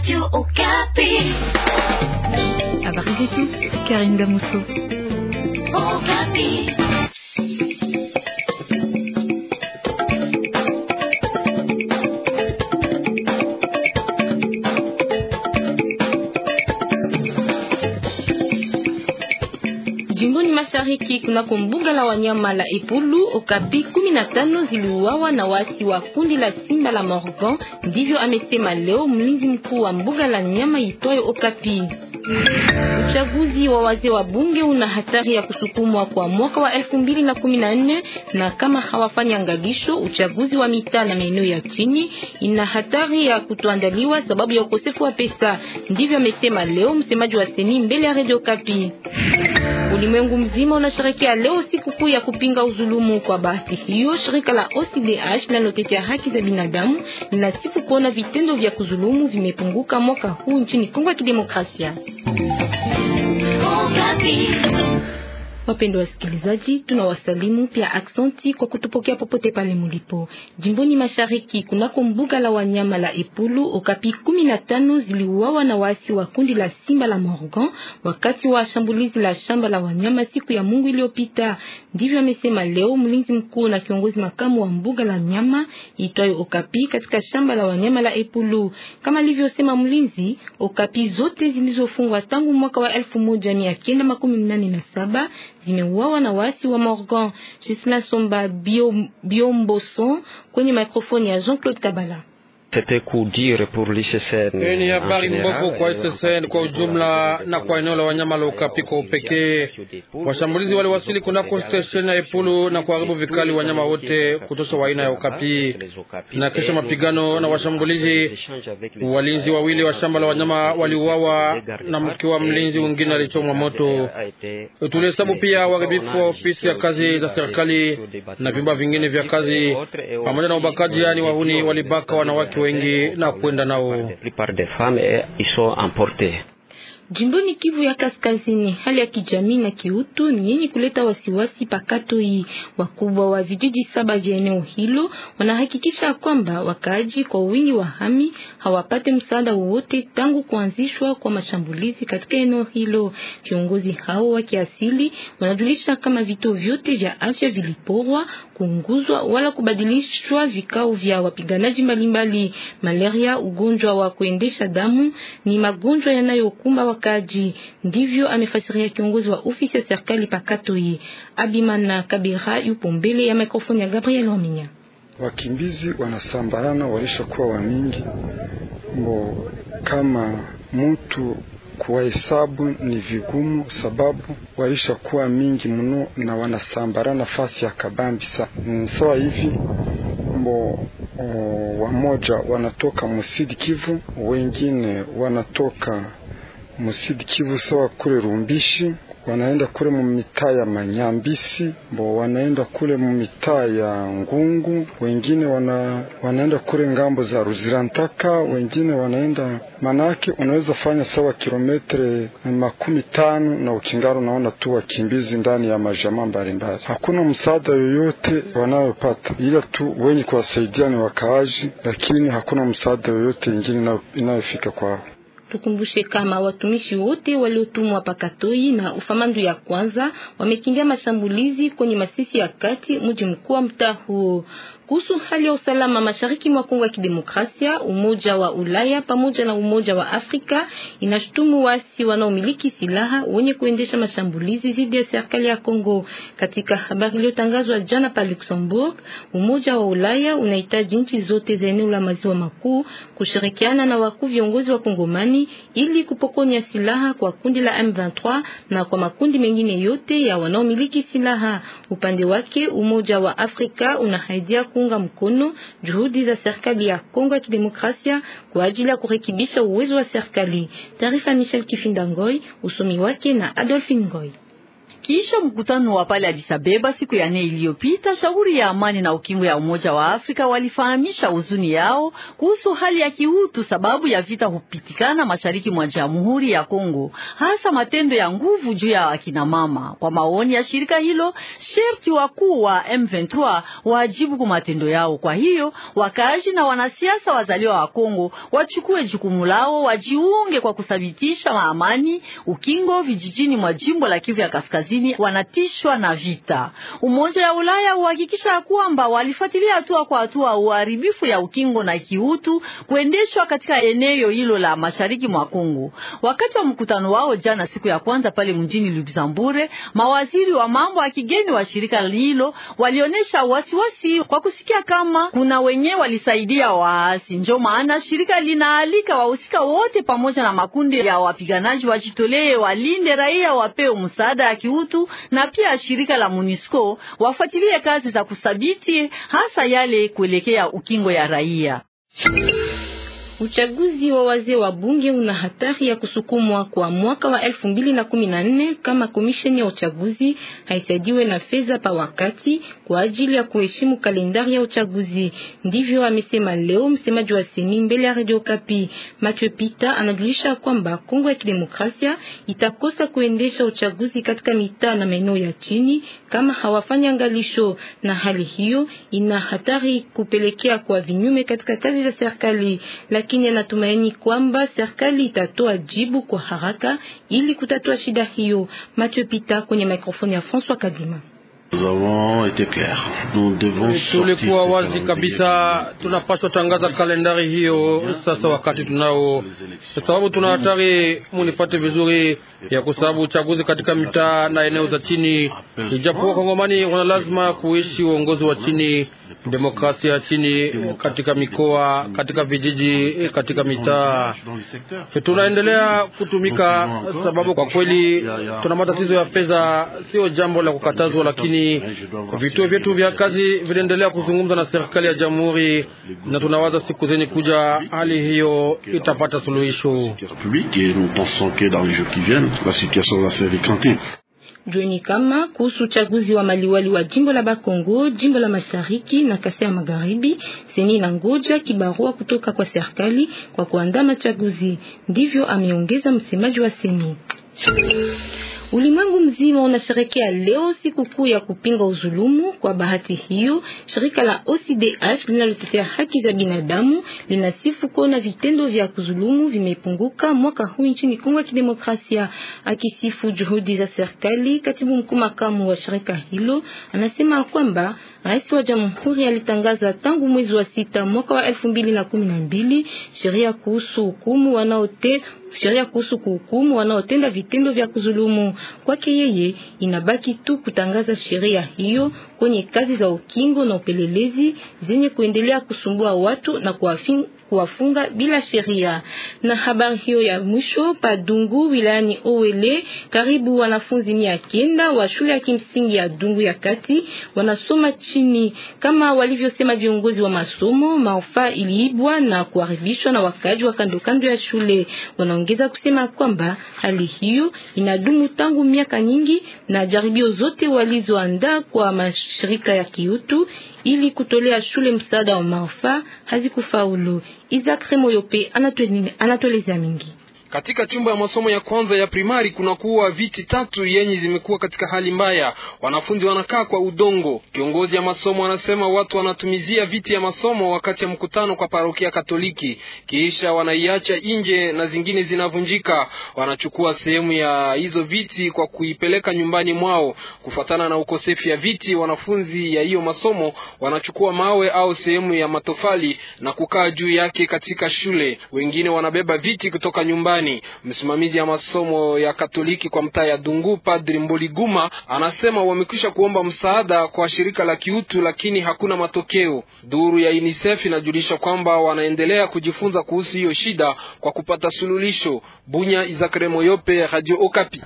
Radio Okapi. Habari zetu, Karinda Muso. Okapi. Jimboni mashariki kunako mbuga la wanyama la Ipulu, okapi 15 ziliuawa na wasi wa kundi la simba la Morgan. Ndivyo amesema leo mlinzi mkuu wa mbuga la nyama itwayo Okapi. Uchaguzi wa wazee wa bunge una hatari ya kusukumwa kwa mwaka wa 2014 na kama hawafanya ngagisho, uchaguzi wa mitaa na maeneo ya chini ina hatari ya kutoandaliwa sababu ya ukosefu wa pesa. Ndivyo amesema leo msemaji wa seni mbele ya Radio Kapi. Ulimwengu mzima unasherekea leo sikukuu ya kupinga uzulumu Kwa bahati hiyo, shirika la OCDH linalotetea haki za binadamu linasifu kuona vitendo vya kuzulumu vimepunguka mwaka huu nchini Kongo ya Kidemokrasia. Wapendwa wasikilizaji, tunawasalimu pia aksanti kwa kutupokea popote pale mulipo. Jimboni mashariki kunako mbuga la wanyama la Epulu, okapi kumi na tano ziliuawa na waasi wa kundi la simba la Morgan wakati wa shambulizi la shamba la wanyama siku ya Mungu iliyopita. Ndivyo amesema leo mlinzi mkuu na kiongozi makamu wa mbuga la nyama itwayo Okapi katika shamba la wanyama la Epulu. Kama alivyosema mlinzi, Okapi zote zilizofungwa tangu mwaka wa 1987 zimeuawa na waasi wa Morgan. Jesna Somba Biomboson bio kwenye mikrofoni ya Jean-Claude Kabala. Pour l'ICCN. ni habari mbovu kwa ICCN kwa ujumla na kwa eneo la wanyama la Ukapi kwa upekee. Washambulizi waliwasili kunako stesheni ya Epulu na kuharibu vikali wanyama wote kutosha wa aina ya Ukapi, na kesho mapigano na washambulizi. Walinzi wawili wa shamba la wanyama waliuawa na mke wa mlinzi mwingine alichomwa moto. Tulihesabu pia uharibifu wa ofisi ya kazi za serikali na vyumba vingine vya kazi pamoja na ubakaji, yani wahuni walibaka wanawake watu wengi na kwenda nao. Jimboni Kivu ya Kaskazini, hali ya kijamii na kiutu ni yenye kuleta wasiwasi pakato hii. Wakubwa wa vijiji saba vya eneo hilo wanahakikisha kwamba wakaaji kwa wingi wa hami hawapate msaada wowote tangu kuanzishwa kwa mashambulizi katika eneo hilo. Viongozi hao wa kiasili wanajulisha kama vituo vyote vya afya viliporwa, kuunguzwa wala kubadilishwa vikao vya wapiganaji mbalimbali. Malaria, ugonjwa wa kuendesha damu ni magonjwa yanayokumba wakaji. Ndivyo amefasiria kiongozi wa ofisi ya serikali Pakatoi Abimana Kabira, yupo mbele ya mikrofoni ya Gabriel Waminya. Wakimbizi wanasambarana walishakuwa wamingi mbo, kama mutu kuwahesabu ni vigumu, sababu walishakuwa mingi mno na wanasambarana fasi ya kabambi sa sawa hivi mbo o, wamoja wanatoka Musidi Kivu, wengine wanatoka musidi Kivu sawa kule Rumbishi, wanaenda kule mu mitaa ya Manyambisi, bo wanaenda kule mu mitaa ya Ngungu, wengine wana, wanaenda kule ngambo za Ruzirantaka, wengine wanaenda manake, unaweza fanya sawa kilometre makumi tano na ukingaro, unaona tu wakimbizi ndani ya majamaa mbalimbali. Hakuna msaada yoyote wanayopata, ila tu wenye kuwasaidia ni wakaaji, lakini hakuna msaada yoyote ingine inayofika kwao. Tukumbushe kama watumishi wote waliotumwa pakatoi na ufamandu ya kwanza wamekimbia mashambulizi kwenye Masisi ya kati, mji mkuu wa mtaa huo. Kuhusu hali ya usalama mashariki mwa Kongo ya Kidemokrasia, Umoja wa Ulaya pamoja na Umoja wa Afrika inashutumu wasi wanaomiliki silaha wenye kuendesha mashambulizi dhidi ya serikali ya Kongo. Katika habari iliyotangazwa jana pa Luxembourg, Umoja wa Ulaya unahitaji nchi zote za eneo la maziwa makuu kushirikiana na wakuu viongozi wa Kongomani Ituri ili kupokonya silaha kwa kundi la M23 na kwa makundi mengine yote ya wanaomiliki silaha. Upande wake, Umoja wa Afrika unahaidia kuunga mkono juhudi za serikali ya Kongo ya Kidemokrasia kwa ajili ya kurekebisha uwezo wa serikali. Taarifa Michel Kifindangoi, usomi wake na Adolphe Ngoi. Kisha mkutano wa pale Addis Ababa siku ya nne iliyopita, shauri ya amani na ukimwi ya Umoja wa Afrika walifahamisha huzuni yao kuhusu hali ya kiutu sababu ya vita hupitikana mashariki mwa Jamhuri ya Kongo, hasa matendo ya nguvu juu ya akina mama. Kwa maoni ya shirika hilo, sherti wakuu wa M23 waajibu kwa matendo yao. Kwa hiyo wakaaji na wanasiasa wazaliwa wa Kongo wachukue jukumu lao, wajiunge kwa kusabitisha maamani ukingo vijijini mwa jimbo la Kivu ya Kaskazini kaskazini wanatishwa na vita. Umoja ya Ulaya uhakikisha kwamba walifuatilia hatua kwa hatua uharibifu ya ukingo na kiutu kuendeshwa katika eneo hilo la mashariki mwa Kongo. Wakati wa mkutano wao jana siku ya kwanza pale mjini Luxembourg, mawaziri wa mambo ya kigeni wa shirika hilo walionyesha wasiwasi kwa kusikia kama kuna wenye walisaidia waasi. Ndio maana shirika linaalika wahusika wote pamoja na makundi ya wapiganaji wajitolee, walinde raia, wapewe msaada ya kiutu Mobutu na pia shirika la MONUSCO wafuatilie kazi za kusabiti hasa yale kuelekea ukingo ya raia. Uchaguzi wa wazee wa bunge una hatari ya kusukumwa kwa mwaka wa 2014 kama komisheni ya uchaguzi haisaidiwe na fedha pa wakati kwa ajili ya kuheshimu kalendari ya uchaguzi. Ndivyo amesema leo msemaji wa seni mbele ya Radio Kapi. Mathieu Pita anajulisha kwamba Kongo ya Kidemokrasia itakosa kuendesha uchaguzi katika mitaa na maeneo ya chini kama hawafanya angalisho, na hali hiyo ina hatari kupelekea kwa vinyume katika kazi za serikali lakini anatumaini kwamba serikali itatoa jibu kwa haraka ili kutatua shida hiyo. Mathieu Pita kwenye mikrofoni ya François Kadima. Tulikuwa wazi kabisa, tunapaswa tangaza kalendari hiyo sasa, wakati tunao, sababu tuna hatari, munipate vizuri, ya kusababu uchaguzi katika mitaa na eneo za chini, ijapokuwa Kongomani wana lazima kuishi uongozi wa chini demokrasia ya chini katika mikoa, katika vijiji, katika mitaa. Tunaendelea kutumika sababu kwa kweli tuna matatizo ya fedha, sio jambo la kukatazwa, lakini vituo vyetu vya kazi vinaendelea kuzungumza na serikali ya jamhuri, na tunawaza siku zenye kuja hali hiyo itapata suluhisho. Jueni kama kuhusu uchaguzi wa maliwali wa jimbo la Bakongo, jimbo la Mashariki na Kasai ya Magharibi, seni ngoja kibarua kutoka kwa serikali kwa kuandaa machaguzi. Ndivyo ameongeza msemaji wa seni. Ulimwengu mzima unasherekea leo sikukuu ya kupinga uzulumu. Kwa bahati hiyo, shirika la OCDH linalotetea haki za binadamu linasifu kuona vitendo vya kuzulumu vimepunguka mwaka huu nchini Kongo ya Kidemokrasia. Akisifu juhudi za serikali, katibu mkuu makamu wa shirika hilo anasema kwamba Rais wa Jamhuri alitangaza tangu mwezi wa sita mwaka wa elfu mbili na kumi na mbili sheria kuhusu hukumu wanaote sheria kuhusu kuhukumu wanaotenda vitendo vya kuzulumu. Kwake yeye, inabaki tu kutangaza sheria hiyo kwenye kazi za ukingo na upelelezi zenye kuendelea kusumbua watu na kuwafinga kuwafunga bila sheria. Na habari hiyo ya mwisho padungu wilayani Owele, karibu wanafunzi mia kenda wa shule ya kimsingi ya Dungu ya kati wanasoma chini. Kama walivyosema viongozi wa masomo, maofa iliibwa na kuharibishwa na wakaji wa kando kando ya shule. Wanaongeza kusema kwamba hali hiyo inadumu tangu miaka nyingi na jaribio zote walizoandaa kwa mashirika ya kiutu ili kutolea shule msaada wa maofa hazikufaulu. Isaac Remoyo pe anatuelezea mingi katika chumba ya masomo ya kwanza ya primari kunakuwa viti tatu yenye zimekuwa katika hali mbaya, wanafunzi wanakaa kwa udongo. Kiongozi ya masomo anasema watu wanatumizia viti ya masomo wakati ya mkutano kwa parokia Katoliki, kisha wanaiacha nje na zingine zinavunjika. Wanachukua sehemu ya hizo viti kwa kuipeleka nyumbani mwao. Kufuatana na ukosefu ya viti, wanafunzi ya hiyo masomo wanachukua mawe au sehemu ya matofali na kukaa juu yake katika shule. Wengine wanabeba viti kutoka nyumbani nyumbani. Msimamizi ya masomo ya Katoliki kwa mtaa ya Dungu, Padri Mboliguma, anasema wamekwisha kuomba msaada kwa shirika la kiutu, lakini hakuna matokeo. Duru ya UNICEF inajulisha kwamba wanaendelea kujifunza kuhusu hiyo shida kwa kupata suluhisho. Bunya, Izakremo Yope, Radio Okapi.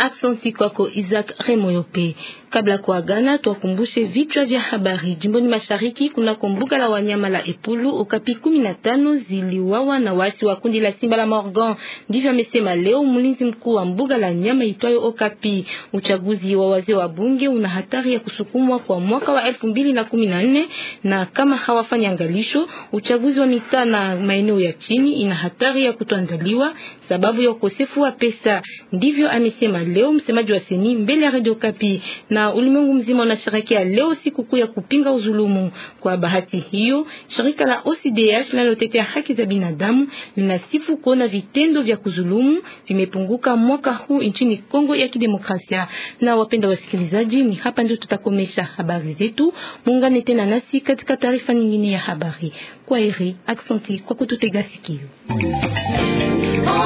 Aksanti kwako Isaac Remoyope. Kabla kwa Ghana, tuwakumbushe vichwa vya habari. Jimboni mashariki kuna kumbuga la wanyama la Epulu, okapi 15 ziliwawa na wasi wa kundi la simba la Morgan. Ndivyo amesema leo mlinzi mkuu wa mbuga la nyama itwayo Okapi. Uchaguzi wa wazee wa bunge una hatari ya kusukumwa kwa mwaka wa 2014 na kama hawafanya angalisho, uchaguzi wa mitaa na maeneo ya chini ina hatari ya kutoandaliwa sababu ya ukosefu wa pesa. Ndivyo amesema leo msemaji wa seni mbele ya Radio Kapi, na ulimwengu mzima unasherekea leo sikukuu ya kupinga uzulumu. Kwa bahati hiyo, shirika la OCDH linalotetea haki za binadamu linasifu kuona vitendo vya kuzulumu vimepunguka mwaka huu nchini Kongo ya Kidemokrasia. Na wapenda wasikilizaji, ni hapa ndio tutakomesha habari zetu. Muungane tena nasi katika taarifa nyingine ya habari. Kwa eri, aksanti kwa kututega sikio.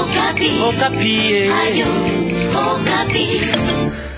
Okapi. Oh, Okapi. Oh, eh. Old puppy.